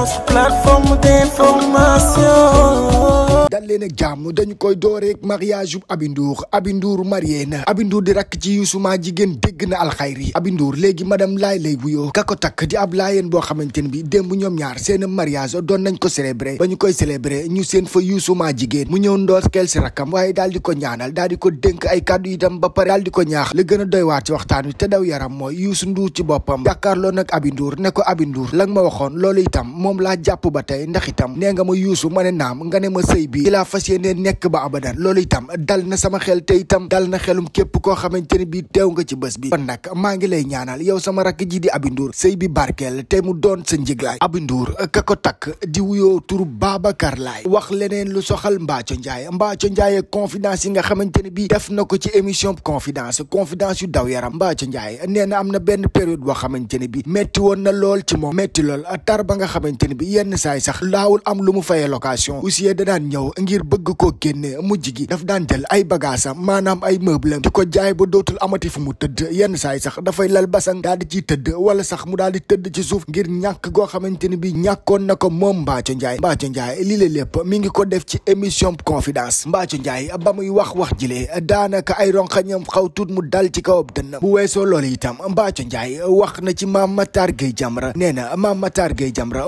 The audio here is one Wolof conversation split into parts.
référence plateforme d'information. dañu koy doore mariage abinduur Abindour Abindour marié na Abindour di rakk ci Youssouma jigéen dégg na alxayri Abindour léegi madame laay lay wuyoo ka ko takk di ab laayeen boo xamante ni bi démb ñoom ñaar seen mariage doon nañ ko célébrer ñu koy célébrer ñu seen fa Youssouma jigéen mu ñëw ndoorkeel si rakkam waaye daal di ko ñaanal daal di ko dénk ay kàddu itam ba pare daal di ko ñaax li gën a doy waar ci waxtaan wi te daw yaram mooy Youssou Ndour ci boppam jàkkaarloo nag Abi Ndour ne ko ma waxoon loolu itam moom laa jàpp ba tey ndax itam nee nga ma yuusu ma ne naam ma sëy bi laa fas yéene nekk ba abadan loolu itam dal na sama xel te itam dal na xelum képp koo xamante ne bi teew nga ci bés bi kon nag maa ngi lay ñaanal yow sama rakk jii di abindur Ndour sëy bi barkeel te mu doon sa njiglaay Aby Ndour ka ko takk di wuyoo turu Babacar Laay wax leneen lu soxal Mbathio Ndiaye Mbathio njaay confidence yi nga xamante ne bi def na ko ci émission confidence confidence yu daw yaram Mbathio Ndiaye nee am na benn période boo xamante ne bi métti woon na lool ci moom métti lool tar ba nga xamante xamante ni bi yenn saay sax laawul am lu mu faye location huissier da daan ñëw ngir bëgg koo génne mujj gi daf daan jël ay bagaasam maanaam ay meuble di ko jaay ba dootul amati fu mu tëdd yenn saay sax dafay lal basang daal di ciy tëdd wala sax mu daal di tëdd ci suuf ngir ñàkk goo xamante ni bi ñàkkoon na ko moom Mbathio Ndiaye Mbathio Ndiaye lii la mi ngi ko def ci émission confidence Mbathio Ndiaye ba muy wax wax jile daanaka ay ronxañam xaw tuut mu dal ci kawab dënn bu weesoo loolu itam Mbathio Ndiaye wax na ci Mame Matar Gueye Jamra nee na Mame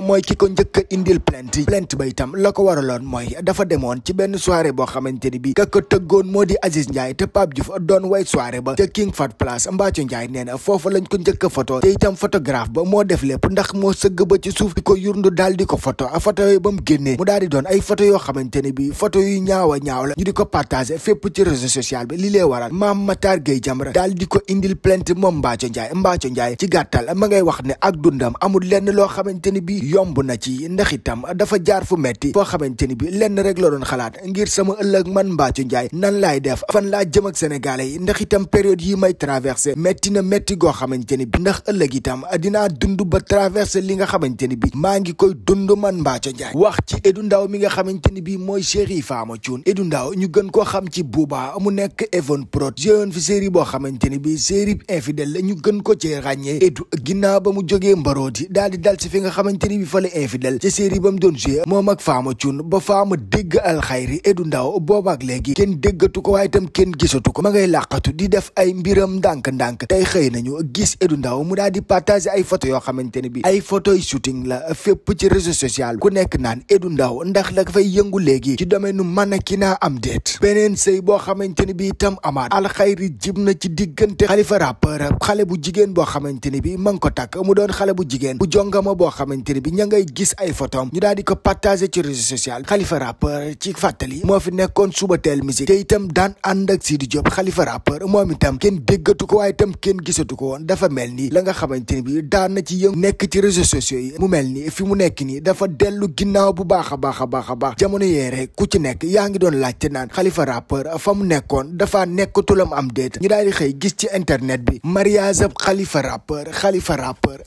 mooy ki ko njëkk a indil plainte plainte ba itam la ko waraloon mooy dafa demoon ci benn soirée boo xamante ni bi ka ko tëggoon moo di Aziz Ndiaye te Pape Diouf doon way soirée ba ca King Fat Place Mbathio Ndiaye nee na foofa lañ ko njëkk a photo ba moo def lépp ndax moo sëgg ba ci suuf di ko yurndu daal di ko photo a ba mu génnee mu daal di doon ay photo yoo xamante ne bi photo yu ñaaw a ñu di ko partagé fépp ci réseau social bi li lee waral maam Matar Gueye Jamra daal di ko indil plainte moom Mbathio Ndiaye Mbathio Ndiaye ci gàttal ma ngay wax ne ak dundam amul lenn loo xamante ni bi yomb na ci ndax itam dafa jaar fu metti foo xamante ni bi lenn rek la doon xalaat ngir sama ëllëg man Mbathio Ndiaye nan laay def fan laa jëm ak sénégalais yi ndax itam période yi may traversé metti na metti goo xamante ni bi ndax ëllëg itam dinaa dundu ba traversé li nga xamante ni bi maa ngi koy dund man Mbathio Ndiaye wax ci Edu Ndaw mi nga xamante ni bi mooy Cheikh Fama Thioune Edu Ndaw ñu gën ko xam ci Bouba mu nekk Evon Prod jeune fi série boo xamante ni bi série infidèle la ñu gën ko ci ràññee Edu ginnaaw ba mu jógee mbarooti fa la infidèle ci série ba mu doon joué moom ak faama cun ba faama dégg alxayri edu ndaw boobaak léegi kenn déggatu ko waaye itam kenn gisatu ko ma ngay làqatu di def ay mbiram ndànk-ndànk tey xëy nañu gis edu ndaw mu daal di partager ay photo yoo xamante ne bi ay photo yu la fépp ci réseau social ku nekk naan edu ndaw ndax la fay yëngu léegi ci domaine mannequinat am déet beneen sëy boo xamante ne bi itam amaat alxayri jib na ci diggante xalifa rappeur xale bu jigéen boo xamante ne bi ma ngi ko takk mu doon xale bu jigéen bu jongama boo xamante ne bi ña ngay gis ay photom ñu daal di ko partager ci réseau social Khalifa rappeur ci fàttali moo fi nekkoon suba teel musique te itam daan ànd ak Sidi Diop Khalifa rappeur moom itam kenn déggatu ko waaye itam kenn gisatu ko woon dafa mel ni la nga xamante ni bi daan ci yëngu nekk ci réseaux sociaux yi mu mel ni fi mu nekk nii dafa dellu ginnaaw bu baax a baax a baax a baax jamono yee rek ku ci nekk yaa ngi doon laajte naan Khalifa rappeur fa mu nekkoon dafa nekkatulam am déet ñu daal di xëy gis ci internet bi mariage ab Khalifa rappeur Khalifa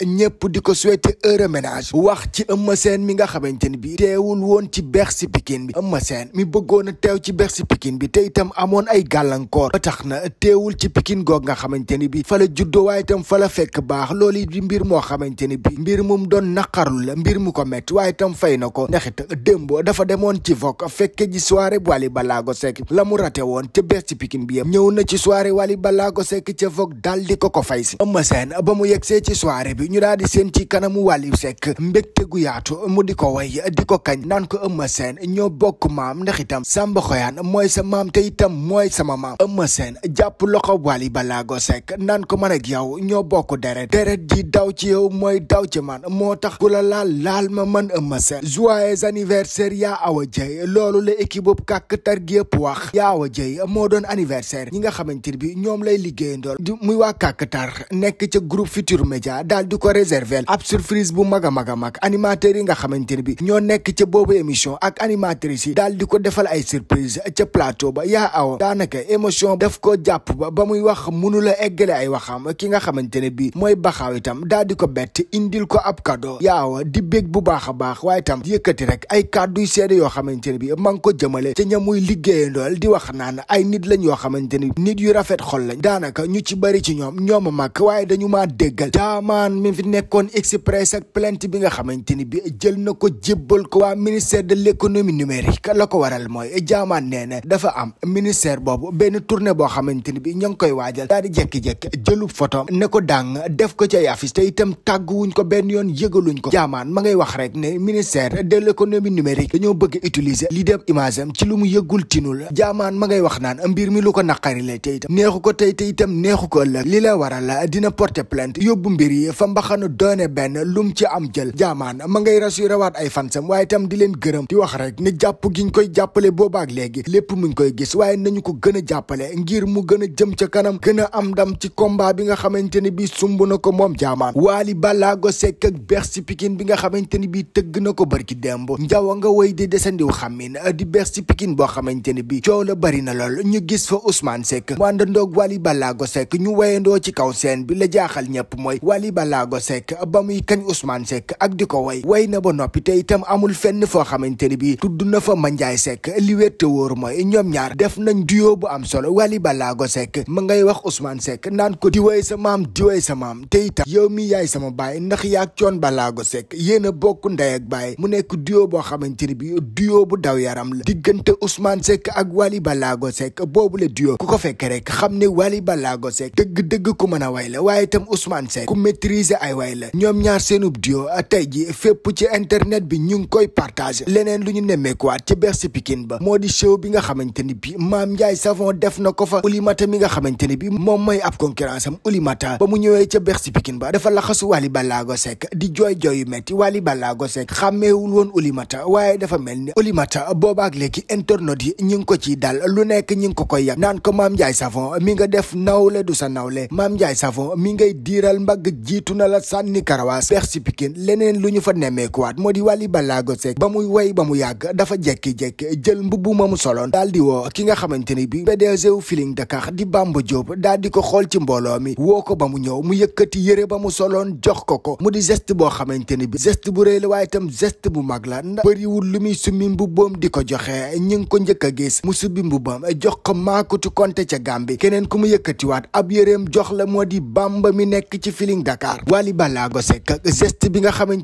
ñëpp di ko souhaiter heureux ménage wax wax ci Eumeu Sène mi nga xamante ni bi teewul woon ci Bercy Pikine bi Eumeu Sène mi bëggoon a teew ci Bercy Pikine bi te itam amoon ay gàllankoor a tax na teewul ci Pikine goog nga xamante ni bi fa la juddoo waaye itam fa la fekk baax loolu it di mbir moo xamante ni bi mbir mum doon naqarlu la mbir mu ko metti waaye itam fay na ko ndax it démb dafa demoon ci vok fekke ji soirée Wally Ballago Seck la mu rate woon ca Bercy pikin bi ñëw na ci soirée Wally Ballago Seck ca vok dal di ko ko fay si Eumeu Sène ba mu yegsee ci soirée bi ñu daal di seen ci kanamu Wally Seck mbég mbégte gu yaatu mu di ko way di ko kañ naan ko Eumeu Sène ñoo bokk maam ndax itam Samba Xoyaan mooy sa maam te itam mooy sama maam Eumeu Sène jàpp loxo Wally Ballago Seck naan ko man ak yow ñoo bokk deret deret ji daw ci yow mooy daw ci man moo tax ku la laal laal ma man Eumeu Sène joyeux anniversaire yaa Awa Dieye loolu la équipe boobu kàkk tar gi yëpp wax yaa Awa Dieye moo doon anniversaire ñi nga xamante bi ñoom lay liggéeyandool di muy wa kàkk tar nekk ca groupe Futur Média daal di ko réserver ab surprise bu mag a mag a mag animateurs yi nga xamante ne bi ñoo nekk ca boobu émission ak animatrices yi daal di ko defal ay surprise ca plateau ba yaa awa daanaka émotion def ko jàpp ba ba muy wax mënu la ay waxam ki nga xamante ne bi mooy baxaaw itam daal di ko bett indil ko ab cadeau di bég bu baax a baax waaye itam yëkkati rek ay kàdduy seede yoo xamante ne bi ma ko jëmale ca ña muy liggéeyandool di wax naan ay nit lañ yoo xamante ni nit yu rafet xol lañ daanaka ñu ci bëri ci ñoom ñooma mag waaye dañu maa déggal jaamaan mi fi nekkoon express ak bi nga xam xamante ni jël na ko jébbal ko waa ministère de l'économie numérique la ko waral mooy jaamaan nee na dafa am ministère boobu benn tournée boo xamante ni bi ñoo ngi koy waajal daal di jekki-jekki jëlub photo ne ko dàng def ko ci ay ta te itam tàgguwuñ ko benn yoon yëgaluñ ko jaamaan ma ngay wax rek ne ministère de l'économie numérique dañoo bëgg utiliser li dem image am ci lu mu yëgul tinul jaamaan ma ngay wax naan mbir mi ko naqari la ta itam neexu ko tey te itam neexu ko ëllëg li la waral dina porter plainte yóbbu mbir yi fa mbaxana doone benn lum ci am jël Dramane ma ngay rassuré waat ay fansam waaye itam di leen gërëm di wax rek ne jàpp giñ koy jàppale boobaak léegi lépp muñ koy gis waaye nañu ko gën a jàppale ngir mu gën a jëm ca kanam gën am ndam ci combat bi nga xamante ne bi sumb na ko moom Dramane Wally Ballago sek ak Bercy Pikine bi nga xamante ni bi tëgg na ko barki démb njaw a nga woy di desandiw xammin di Bercy Pikine boo xamante ni bi coow la bari na lool ñu gis fa Ousmane Seck mu àndandoog Wally Ballago Seck ñu wayandoo ci kaw seen la jaaxal ñëpp mooy Wally Ballago Seck ba muy kañ Ousmane Seck ak di ko way way na ba noppi te itam amul fenn foo xamante ni bi tudd na fa Mandiaye sek li wétte wóor mooy ñoom ñaar def nañ duo bu am solo Wally Ballago sek ma ngay wax Ousmane Seck naan ko di way sa maam di way sa maam yow mi yaay sama baay ndax yaag coon Ballago Seck yéen a bokk ndey baay mu nekk duo boo xamante ni bi duo bu daw yaram la diggante Ousmane sek ak Wally Ballago sek boobu la duo ku ko fekk rek xam ne Wally Ballago Seck dëgg-dëgg ku mën a way la waaye itam Ousmane Seck ku maîtriser ay way la ñoom ñaar seenub duo tey ji fépp ci internet bi ñu ngi koy partagé leneen lu ñu nemmeekuwaat ci Bercy Pikine ba moo di show bi nga xamante ni bi maam Ndiaye Savon def na ko fa Oulimata mi nga xamante ni bi moom mooy ab concurrence am ba mu ñëwee ca Bercy Pikine ba dafa laxasu Wally Ballago Seck di jooy jooy yu metti Wally Ballago Seck xàmmeewul woon Oulimata waaye dafa mel ni Oulimata boobaak léegi internet yi ñu ngi ko ciy dal lu nekk ñu ngi ko koy yàq naan ko maam Ndiaye Savon mi nga def nawle du sa nawle maam Ndiaye Savon mi ngay diiral mbagg jiitu na la sànni karawaas Bercy Pikine leneen lu ñu fa nemmeekuwaat moo di Wally Ballago Seck ba muy way ba mu yàgg dafa jekki-jekki jël mbubb ma mu soloon daal di woo ki nga xamante ni bi PDG wu Feeling Dakar di bam Bamba Diop daal di ko xool ci mbooloo mi woo ko ba mu ñëw mu yëkkati yëre ba mu soloon jox ko ko mu di geste boo xamante ni bi geste bu rëy la waaye tam geste bu mag la ndax bëriwul lu muy summi mbubboom di ko joxe ñi ko njëkk a gis mu subbi mbubbam jox ko Makutu Konte ca Gàmbi keneen ku mu yëkkatiwaat ab yëreem jox la moo di Bamba mi nekk ci Feeling Dakar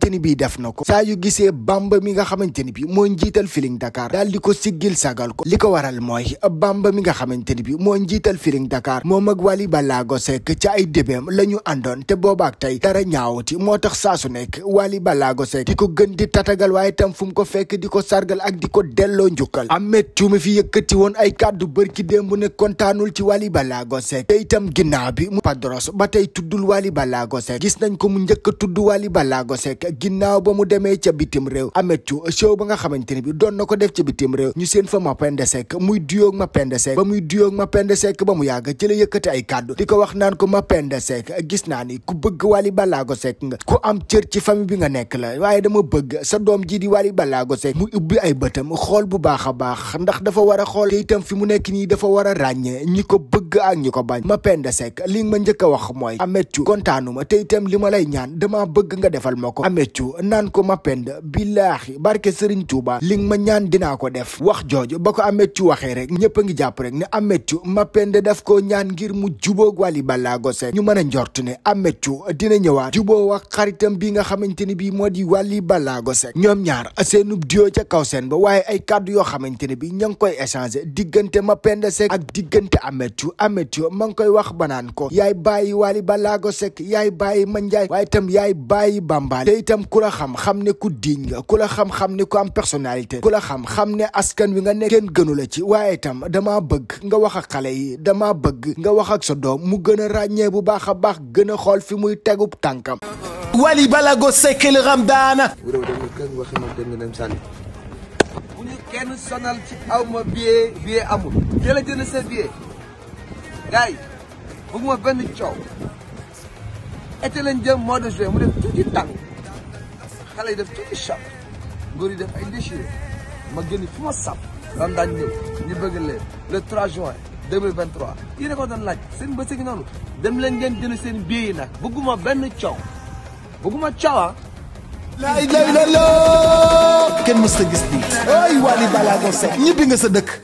xamante ni bii def na ko saa yu gisee bamba mi nga xamante ni bi moo njiital Feeling Dakar daal di ko siggil sagal ko li ko waral mooy bamba mi nga xamante ni bi mo njiital Feeling Dakar moom ak Wally Ballago Seck ci ay débéem la ñu àndoon te boobaak tey dara ñaawati moo tax saa su nekk Wally Ballago Seck di ko gën di tatagal waaye tam fu mu ko di ko sargal ak di ko delloo njukkal Ameth Thiou fi yëkkati woon ay kàddu bërki démb ne kontaanul ci Wally Ballago Seck te itam ginnaaw bi mu padros ba tey tuddul Wally Ballago Seck gis nañ ko mu njëkk a tudd Wally Ballago Seck ginnaaw ba mu demee ca bitim réew ametcu show ba nga xamante ne bi doon na ko def ca bitim réew ñu seen fa Mapenda Seck muy duyoog Mapenda Seck ba muy duyoog Mapenda Seck ba mu yàgg ci la yëkkati ay kàddu di ko wax naan ko Mapenda Seck gis naa ni ku bëgg Wally Ballago Seck nga ku am cër ci famille bi nga nekk la waaye dama bëgg sa doom ji di Wally Ballago mu ubbi ay bëtam xool bu baax a baax ndax dafa war a xool te fi mu nekk nii dafa war a ràññee ñi ko bëgg ak ñi ko bañ Mapenda Seck li ma njëkk a wax mooy ametcu kontaanuma te itam li ma lay ñaan dama bëgg nga defal ma ko rëccu naan ko mapend billaahi barke Serigne Touba li nga ma ñaan dinaa ko def wax jooju ba ko Ameth Thiou waxee rek ñëpp a ngi jàpp rek ne Ameth Thiou mapend daf koo ñaan ngir mu jubóog Wally Ballago Seck ñu mën a njort ne Ameth Thiou dina ñëwaat jubóo ak xaritam bi nga xamante ni bii moo di Wally Ballago Seck ñoom ñaar seenub duo ca kaw seen ba waaye ay kàddu yoo xamante ne bii ña ngi koy échanger diggante Mapenda Seck ak diggante Ameth Thiou Ameth ma ngi koy wax banaan ko yaay bàyyi Wally Ballago Seck yaay bàyyi Mandiaye waaye itam yaay bàyyi Bambali te itam ku la xam xam ne ku diñ nga ku la xam xam ne ku am personnalité ku la xam xam ne askan wi nga nekk kenn gënu la ci waaye itam dama bëgg nga wax ak xale yi dama bëgg nga wax ak sa doom mu gën a ràññee bu baax a baax gën a xool fi muy tegub tànkam Wally Ballago Seck El Ramdan bu ñu kenn sonal sa billet gars yi lañ jëm mois de juin mu xale yi def tuuti chap ngóor yi def ay déchiré ma génn fi ma sàpp lan daañ bëgg leen le 3 juin 2023 yéen a laaj seen bës yi noonu dem leen ngeen jënd seen biir yi nag bëgguma benn coow bëgguma coowa ah. la ilaha illallah kenn mës ta gis nii ay Wally Ballago Seck nga sa dëkk